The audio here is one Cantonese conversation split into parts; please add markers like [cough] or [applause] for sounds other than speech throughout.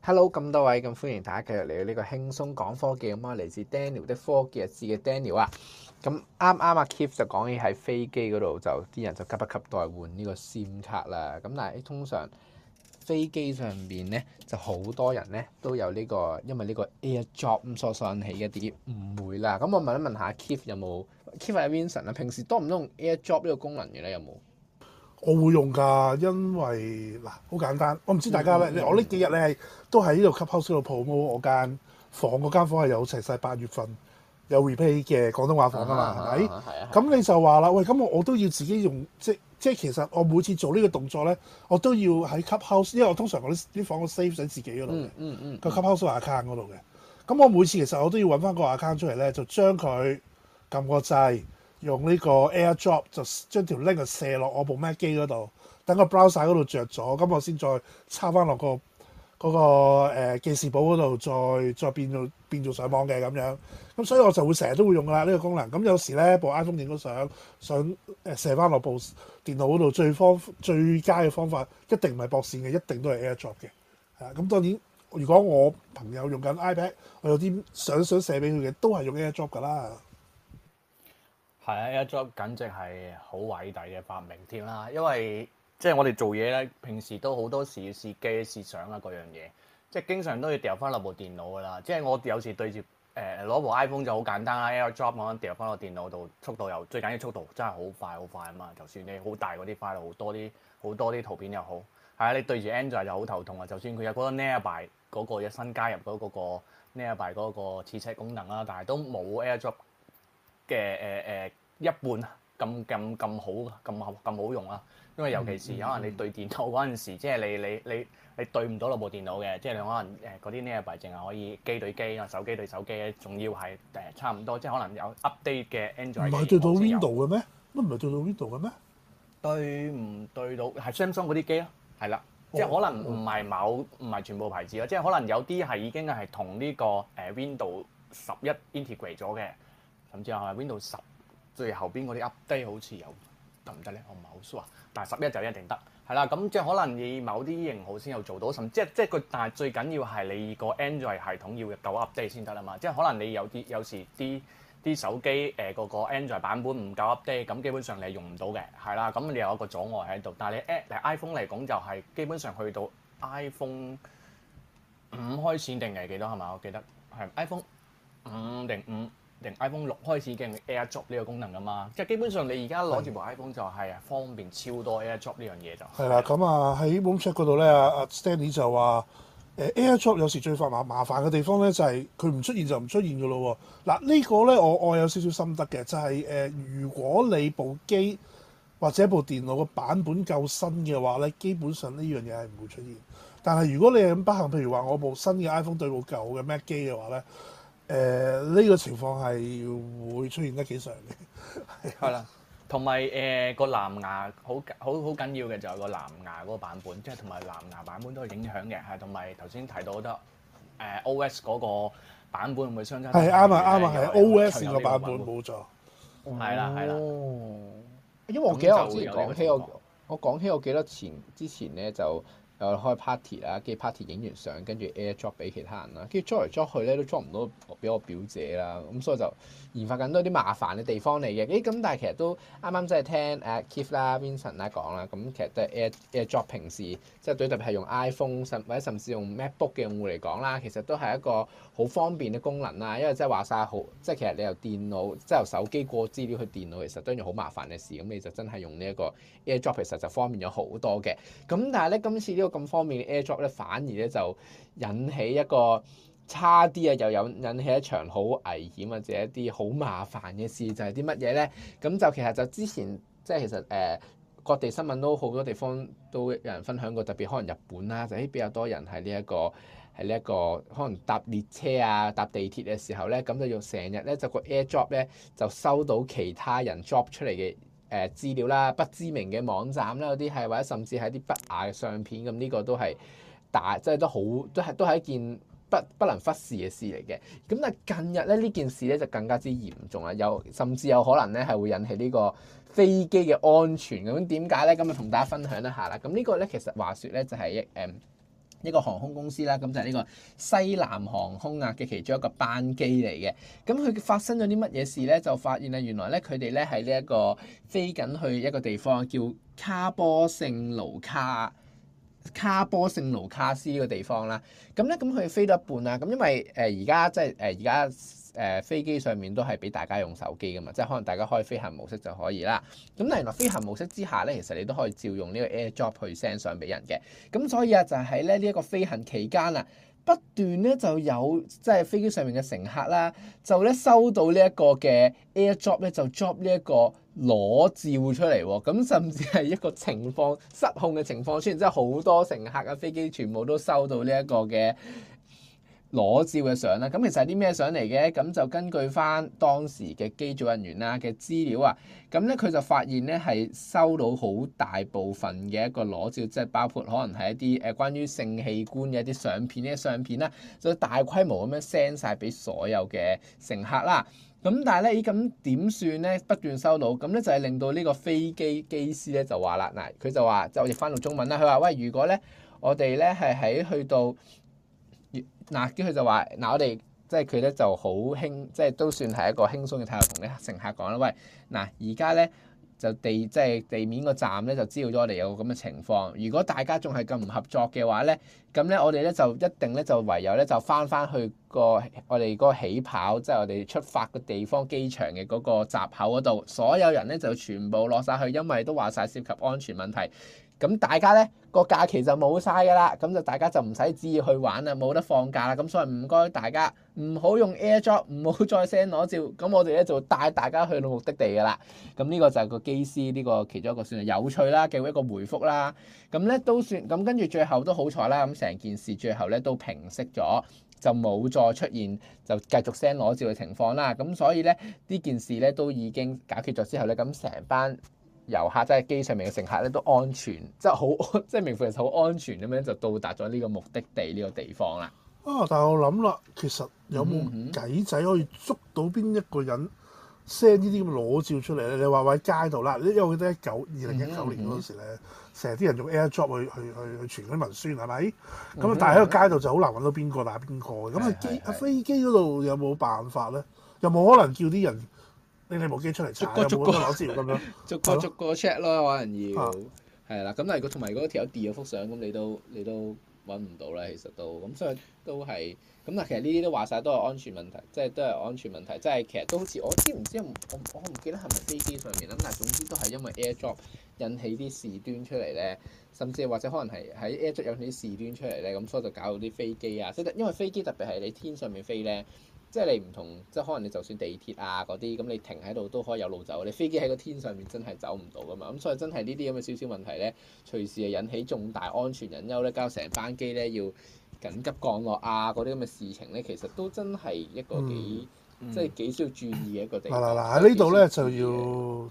Hello，咁多位，咁歡迎大家繼續嚟到呢個輕鬆講科技咁啊，嚟自 Daniel 的科技日誌嘅 Daniel 啊，咁啱啱阿 Kip 就講起喺飛機嗰度就啲人就急不及待換呢個線卡啦，咁但係通常。飛機上邊咧就好多人咧都有呢、呢個，因為呢個 AirDrop 所引起一啲誤會啦。咁我問一問一下 Keith 有冇 Keith Vinson 啊？平時多唔多用 AirDrop 呢個功能嘅咧？有冇？我會用㗎，因為嗱好簡單，我唔知大家咧、嗯，我呢幾日你係都喺呢度 Clubhouse 嗰度 promo 我間房間，嗰間房係有齊晒八月份有 replay 嘅廣東話房啊嘛，係咪？啊。咁你就話啦，喂，咁我我都要自己用即。即係其實我每次做呢個動作咧，我都要喺 Clubhouse，因為我通常我啲啲房我 save 喺自己嗰度嘅，嗯嗯嗯、個 Clubhouse 個 account 嗰度嘅。咁、嗯、我每次其實我都要揾翻個 account 出嚟咧，就將佢撳個掣，用呢個 air drop 就將條 link 射落我部 Mac 機嗰度，等個 browser 嗰度着咗，咁、嗯、我先再插翻落個。嗰、那個誒、呃、記事簿嗰度再再變做變做上網嘅咁樣，咁所以我就會成日都會用噶啦呢個功能。咁有時咧，部 iPhone 影咗相，想誒、呃、射翻落部電腦嗰度最方最佳嘅方法，一定唔係駁線嘅，一定都係 AirDrop 嘅。係啊，咁當然，如果我朋友用緊 iPad，我有啲相想射俾佢嘅，都係用 AirDrop 噶啦。係啊，AirDrop 簡直係好偉大嘅發明添啦，因為，即係我哋做嘢咧，平時都好多時要試機、試相啊嗰樣嘢，即係經常都要掉翻落部電腦噶啦。即係我有時對住誒攞部 iPhone 就好簡單啦，AirDrop 嗰陣掉翻落電腦度，速度又最緊要速度真係好快好快啊嘛！就算你好大嗰啲 file 好多啲好多啲圖片又好，係啊，你對住 Android 就好頭痛啊！就算佢有嗰個 Nearby 嗰、嗰個嗰個新加入嗰、嗰個 Nearby 嗰、嗰個設置功能啦，但係都冇 AirDrop 嘅誒誒、呃呃、一半咁咁咁好咁咁好用啊！因為尤其是可能你對電腦嗰陣時，嗯嗯、即係你你你你對唔到落部電腦嘅，即係你可能誒嗰啲呢啲牌淨係可以機對機，因手機對手機咧，仲要係誒、呃、差唔多，即係可能有 update 嘅 Android。唔係對到 Window 嘅咩？乜唔係對到 Window 嘅咩？對唔對到係 Samsung 嗰啲機咯？係啦、哦，即係可能唔係某唔係全部牌子咯，即係可能有啲係已經係同呢個誒、呃、Window 十一 integrate 咗嘅，甚至係 Window 十最後邊嗰啲 update 好似有。得唔得咧？我唔係好 sure 啊。但係十一就一定得，係啦。咁即係可能你某啲型號先有做到，甚至係即係佢。但係最緊要係你個 Android 系統要夠 update 先得啦嘛。即係可能你有啲有時啲啲手機誒、呃、個個 Android 版本唔夠 update，咁基本上你係用唔到嘅，係啦。咁你有一個阻礙喺度。但係你 a p iPhone 嚟講就係基本上去到 iPhone 五開始定係幾多係咪？我記得係 iPhone 五定五。iPhone 六開始嘅 AirDrop 呢個功能㗎嘛，即係基本上你而家攞住部 iPhone 就係方便的超多 AirDrop 呢樣嘢就係、是、啦。咁啊，喺 WhatsApp 嗰度咧，阿、啊、阿 Stanley 就話誒、啊、AirDrop 有時最麻麻煩嘅地方咧就係佢唔出現就唔出現㗎咯。嗱、啊這個、呢個咧我我有少少心得嘅，就係、是、誒、啊、如果你部機或者部電腦嘅版本夠新嘅話咧，基本上呢樣嘢係唔會出現。但係如果你係咁不幸，譬如話我部新嘅 iPhone 對部舊嘅 Mac 機嘅話咧。誒呢、呃這個情況係會出現得幾常嘅，係 [laughs] 啦。同埋誒個藍牙好好好緊要嘅，就係個藍牙嗰個版本，即係同埋藍牙版本都係影響嘅，係同埋頭先提到得誒、呃、OS 嗰個版本會唔會相差？係，啱啊啱啊，係 OS 個版本冇錯，係啦係啦。因為我記得我之前講起我我講起我記得前之前咧就。誒開 party 啦，跟住 party 影完相，跟住 AirDrop 俾其他人啦，跟住 drop 嚟 drop 去咧都 drop 唔到俾我，我表姐啦，咁、嗯、所以就研發緊多啲麻煩嘅地方嚟嘅。誒咁但係其實都啱啱即係聽誒 Keith 啦、Vincent 啦講啦，咁、嗯、其實對 air AirDrop 平時即係對特別係用 iPhone 甚或者甚至用 MacBook 嘅用戶嚟講啦，其實都係一個好方便嘅功能啦，因為即係話晒好，即係其實你由電腦即係由手機過資料去電腦，其實都係件好麻煩嘅事，咁、嗯、你就真係用呢一個 AirDrop 其實就方便咗好多嘅。咁但係咧今次呢、這個咁方便嘅 AirDrop 咧，反而咧就引起一個差啲啊，又有引起一場好危險或者一啲好麻煩嘅事，就係啲乜嘢咧？咁就其實就之前即係其實誒、呃、各地新聞都好多地方都有人分享過，特別可能日本啦，就啲、是欸、比較多人係呢一個係呢一個可能搭列車啊、搭地鐵嘅時候咧，咁就要成日咧就個 AirDrop 咧就收到其他人 drop 出嚟嘅。誒資料啦、不知名嘅網站啦、嗰啲係或者甚至係啲不雅嘅相片，咁呢個都係大，即係都好，都係都係一件不不能忽視嘅事嚟嘅。咁但係近日咧呢件事咧就更加之嚴重啦，有甚至有可能咧係會引起呢個飛機嘅安全，咁點解咧？咁啊同大家分享一下啦。咁呢個咧其實話說咧就係、是、一、誒，一個航空公司啦，咁就係呢個西南航空啊嘅其中一個班機嚟嘅。咁佢發生咗啲乜嘢事呢？就發現啊，原來呢，佢哋呢喺呢一個飛緊去一個地方叫卡波聖盧卡卡波聖盧卡斯呢個地方啦。咁呢，咁佢飛到一半啦，咁因為誒而家即係誒而家。呃誒飛機上面都係俾大家用手機嘅嘛，即係可能大家開飛行模式就可以啦。咁但係原來飛行模式之下呢，其實你都可以照用呢個 AirDrop 去 send 相俾人嘅。咁所以啊，就喺呢呢一個飛行期間啊，不斷呢就有即係、就是、飛機上面嘅乘客啦，就呢收到呢一個嘅 AirDrop 呢就 drop 呢一個裸照出嚟喎。咁甚至係一個情況失控嘅情況，雖然真係好多乘客嘅飛機全部都收到呢一個嘅。裸照嘅相啦，咁其實係啲咩相嚟嘅？咁就根據翻當時嘅機組人員啦嘅資料啊，咁呢，佢就發現呢係收到好大部分嘅一個裸照，即係包括可能係一啲誒關於性器官嘅一啲相片、呢相片啦，所以大規模咁樣 send 晒俾所有嘅乘客啦。咁但係呢，咦咁點算呢？不斷收到，咁呢，就係令到呢個飛機機師呢就話啦，嗱，佢就話，就我哋譯翻到中文啦，佢話喂，如果呢，我哋呢係喺去到。嗱，跟住、啊、就話，嗱、啊，我哋即係佢咧就好輕，即係都算係一個輕鬆嘅態度同啲乘客講啦。喂，嗱、啊，而家咧就地即係地面個站咧就知道咗，我哋有個咁嘅情況。如果大家仲係咁唔合作嘅話咧，咁咧我哋咧就一定咧就唯有咧就返返去、那個我哋個起跑，即、就、係、是、我哋出發嘅地方機場嘅嗰個閘口嗰度，所有人咧就全部落晒去，因為都話晒涉及安全問題。咁大家咧個假期就冇晒嘅啦，咁就大家就唔使旨意去玩啦，冇得放假啦，咁所以唔該大家唔好用 AirDrop，唔好再 send 裸照，咁我哋咧就帶大家去到目的地嘅啦。咁呢個就係個機師呢個其中一個算係有趣啦嘅一個回覆啦。咁咧都算，咁跟住最後都好彩啦，咁成件事最後咧都平息咗，就冇再出現就繼續 send 裸照嘅情況啦。咁所以咧呢件事咧都已經解決咗之後咧，咁成班，遊客即係機上面嘅乘客咧，都安全，即係好，即係名副其實好安全咁樣就到達咗呢個目的地呢、呢個地方啦。啊！但係我諗啦，其實有冇計仔可以捉到邊一個人 send 呢啲咁嘅裸照出嚟咧？你話喺街度啦，你因為我記得一九二零一九年嗰時咧，成日啲人用 AirDrop 去去去傳嗰啲文書係咪？咁啊，但係喺、嗯嗯嗯、個街度就好難揾到邊個打邊個嘅。咁啊，機飛機嗰度有冇辦法咧？有冇可能叫啲人拎嚟部機出嚟、啊、逐個逐個攞資料咁樣， [laughs] 逐個逐個 check 咯，可能要係啦。咁、啊、但係個同埋嗰條友掉咗幅相，咁你都你都揾唔到啦。其實都咁，所以都係咁。但係其實呢啲都話晒，都係安全問題，即係都係安全問題。即係其實都好似我知唔知？我我唔記得係咪飛機上面啦。但係總之都係因為 AirDrop 引起啲事端出嚟咧，甚至或者可能係喺 AirDrop 引起啲事端出嚟咧，咁所以就搞到啲飛機啊，即係因為飛機特別係你天上面飛咧。即係你唔同，即係可能你就算地鐵啊嗰啲，咁你停喺度都可以有路走。你飛機喺個天上面真係走唔到噶嘛，咁所以真係呢啲咁嘅少少問題咧，隨時誒引起重大安全隱憂咧，搞到成班機咧要緊急降落啊嗰啲咁嘅事情咧，其實都真係一個幾、嗯嗯、即係幾需要注意嘅一個地方。嗱嗱嗱喺呢度咧就要，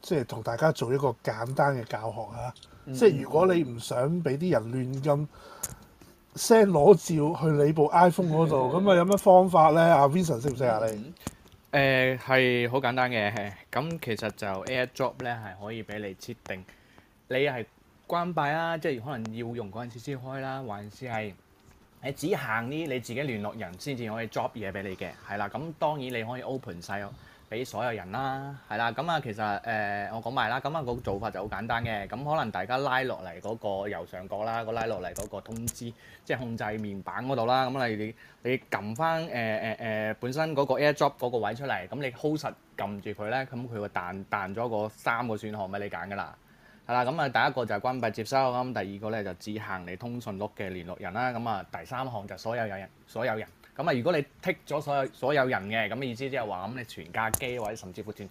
即係同大家做一個簡單嘅教學啊！即係如果你唔想俾啲人亂咁，嗯 send 裸照去你部 iPhone 度，咁啊的有乜方法咧？阿 Vincent 識唔識啊你懂懂？誒係好簡單嘅，咁其實就 AirDrop 咧係可以俾你設定，你係關閉啦，即係可能要用嗰陣時先開啦，還是係你只行啲你自己聯絡人先至可以 drop 嘢俾你嘅，係啦，咁當然你可以 open 晒咯。俾所有人啦，係啦，咁啊，其實誒、呃，我講埋啦，咁啊個做法就好簡單嘅，咁、嗯、可能大家拉落嚟嗰個右上角啦，個拉落嚟嗰個通知，即係控制面板嗰度啦，咁、嗯、你你你撳翻誒誒誒本身嗰個 AirDrop 嗰個位出嚟，咁、嗯、你 hold 實撳住佢咧，咁佢會彈彈咗個三個選項俾你揀噶啦，係啦，咁、嗯、啊、嗯、第一個就係關閉接收，咁、嗯、第二個咧就只限你通訊錄嘅聯絡人啦，咁、嗯、啊、嗯、第三項就所有有人，所有人，所有人。咁啊，如果你剔咗所有所有人嘅咁嘅意思，即係話咁，你全架機或者甚至乎全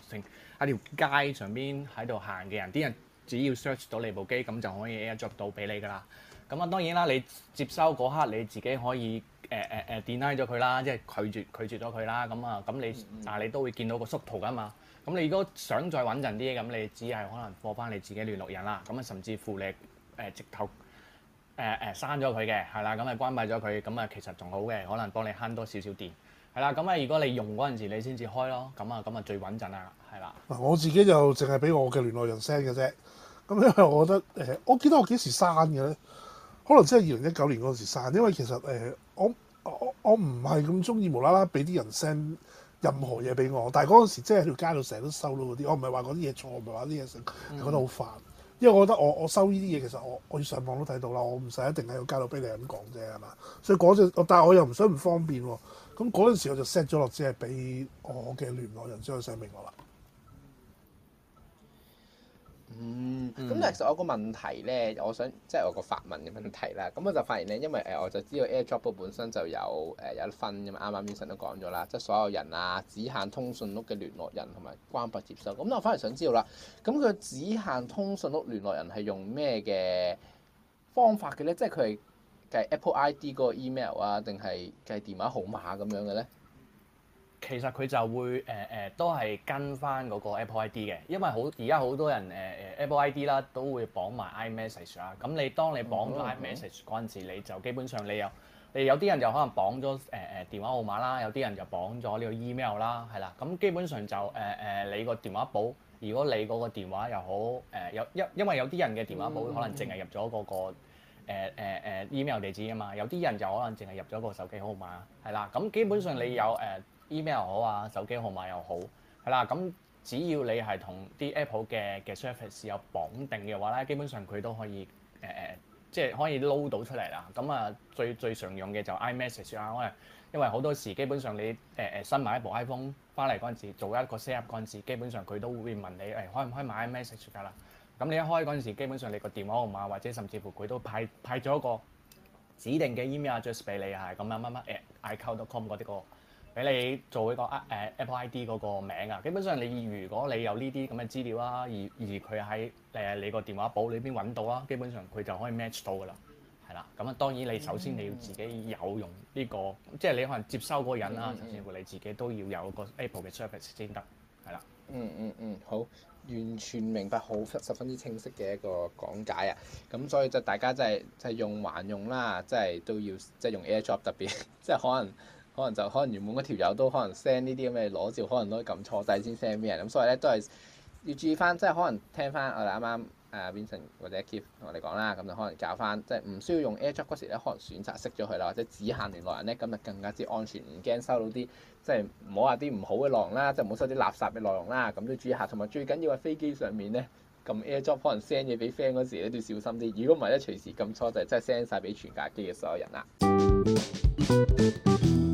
喺條街上邊喺度行嘅人，啲人只要 search 到你部機，咁就可以 drop 到俾你噶啦。咁啊，當然啦，你接收嗰刻你自己可以誒誒誒 deny 咗佢啦，即係拒絕拒絕咗佢啦。咁、mm hmm. 啊，咁你但係你都會見到個縮圖噶嘛。咁你如果想再穩陣啲，咁你只係可能 call 翻你自己聯絡人啦。咁啊，甚至乎你誒、uh, 直頭。誒誒刪咗佢嘅，係啦、呃，咁咪關閉咗佢，咁、嗯、啊其實仲好嘅，可能幫你慳多少少電，係、嗯、啦，咁啊如果你用嗰陣時你先至開咯，咁啊咁啊最穩陣啦，係啦。嗱，我自己就淨係俾我嘅聯絡人 send 嘅啫，咁因為我覺得誒，我記得我幾時刪嘅咧？可能真係二零一九年嗰陣時刪，因為其實誒，我我我唔係咁中意無啦啦俾啲人 send 任何嘢俾我，但係嗰陣時即係條街度成日都收到嗰啲，我唔係話嗰啲嘢錯，我唔係話啲嘢成，覺得好煩。因為我覺得我我收呢啲嘢，其實我我要上網都睇到啦，我唔使一定喺個街度俾你咁講啫，係嘛？所以嗰陣但係我又唔想唔方便喎。咁嗰陣時我就 set 咗落，只係俾我嘅聯絡人先可以寫明我啦。其實我個問題咧，我想即係我個發問嘅問題啦。咁我就發現咧，因為誒我就知道 AirDrop 本身就有誒、呃、有得分噶嘛。啱啱 Vincent 都講咗啦，即係所有人啊，只限通訊錄嘅聯絡人同埋關閉接收。咁我反而想知道啦，咁佢只限通訊錄聯絡人係用咩嘅方法嘅咧？即係佢計 Apple ID 嗰個 email 啊，定係計電話號碼咁樣嘅咧？其實佢就會誒誒、呃、都係跟翻嗰個 Apple ID 嘅，因為好而家好多人誒誒、呃、Apple ID 啦，都會綁埋 iMessage 啦。咁你、啊、當你綁咗 iMessage 嗰陣時，嗯、你就基本上你有，你有啲人就可能綁咗誒誒電話號碼啦，有啲人就綁咗呢個 email 啦，係啦。咁基本上就誒誒、呃呃、你個電話簿，如果你嗰個電話又好誒有因因為有啲人嘅電話簿可能淨係入咗嗰個誒誒 email 地址啊嘛，有啲人就可能淨係入咗個手機號碼，係啦。咁基本上你有誒。email 好啊，手機號碼又好係啦。咁只要你係同啲 Apple 嘅嘅 Surface 有綁定嘅話咧，基本上佢都可以誒誒、呃，即係可以撈到出嚟啦。咁、嗯、啊，最最常用嘅就 iMessage 啊。因為因為好多時基本上你誒誒、呃、新買一部 iPhone 翻嚟嗰陣時，做一個 set up 嗰陣時，基本上佢都會問你誒、欸、開唔開買 iMessage 噶啦。咁、嗯、你一開嗰陣時，基本上你個電話號碼或者甚至乎佢都派派咗一個指定嘅 email address 俾你係咁啊乜乜、啊、a、啊啊、iCloud.com 嗰啲、那個。俾你做一個啊 Apple ID 嗰個名啊，基本上你如果你有呢啲咁嘅資料啦，而而佢喺誒你個電話簿裏邊揾到啦，基本上佢就可以 match 到㗎啦，係啦。咁啊，當然你首先你要自己有用呢、呢個，嗯、即係你可能接收嗰個人啦，嗯嗯、甚至乎你自己都要有個 Apple 嘅 service 先得，係啦、嗯。嗯嗯嗯，好，完全明白，好十分之清晰嘅一個講解啊。咁所以就大家即係即係用還用啦，即、就、係、是、都要即係、就是、用 AirDrop，特別即係、就是、可能。可能就可能原本嗰條友都可能 send 呢啲咁嘅裸照，可能都撳錯掣先 send 俾人，咁所以咧都係要注意翻，即係可能聽翻我哋啱啱誒 Vincent 或者 Keep 同我哋講啦，咁就可能教翻，即係唔需要用 AirDrop 嗰時咧，可能選擇熄咗佢啦，或者只限聯絡人咧，咁就更加之安全，唔驚收到啲即係唔好話啲唔好嘅內容啦，即係唔好收啲垃圾嘅內容啦，咁都要注意下。同埋最緊要係飛機上面咧撳 AirDrop 可能 send 嘢俾 friend 嗰時咧都要小心啲，如果唔係咧隨時撳錯掣，即係 send 晒俾全架機嘅所有人啦。音樂音樂